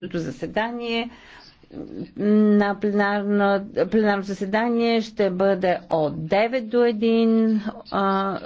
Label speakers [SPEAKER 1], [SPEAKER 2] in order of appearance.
[SPEAKER 1] заседание на пленарно, пленарно заседание ще бъде от 9 до 1. А,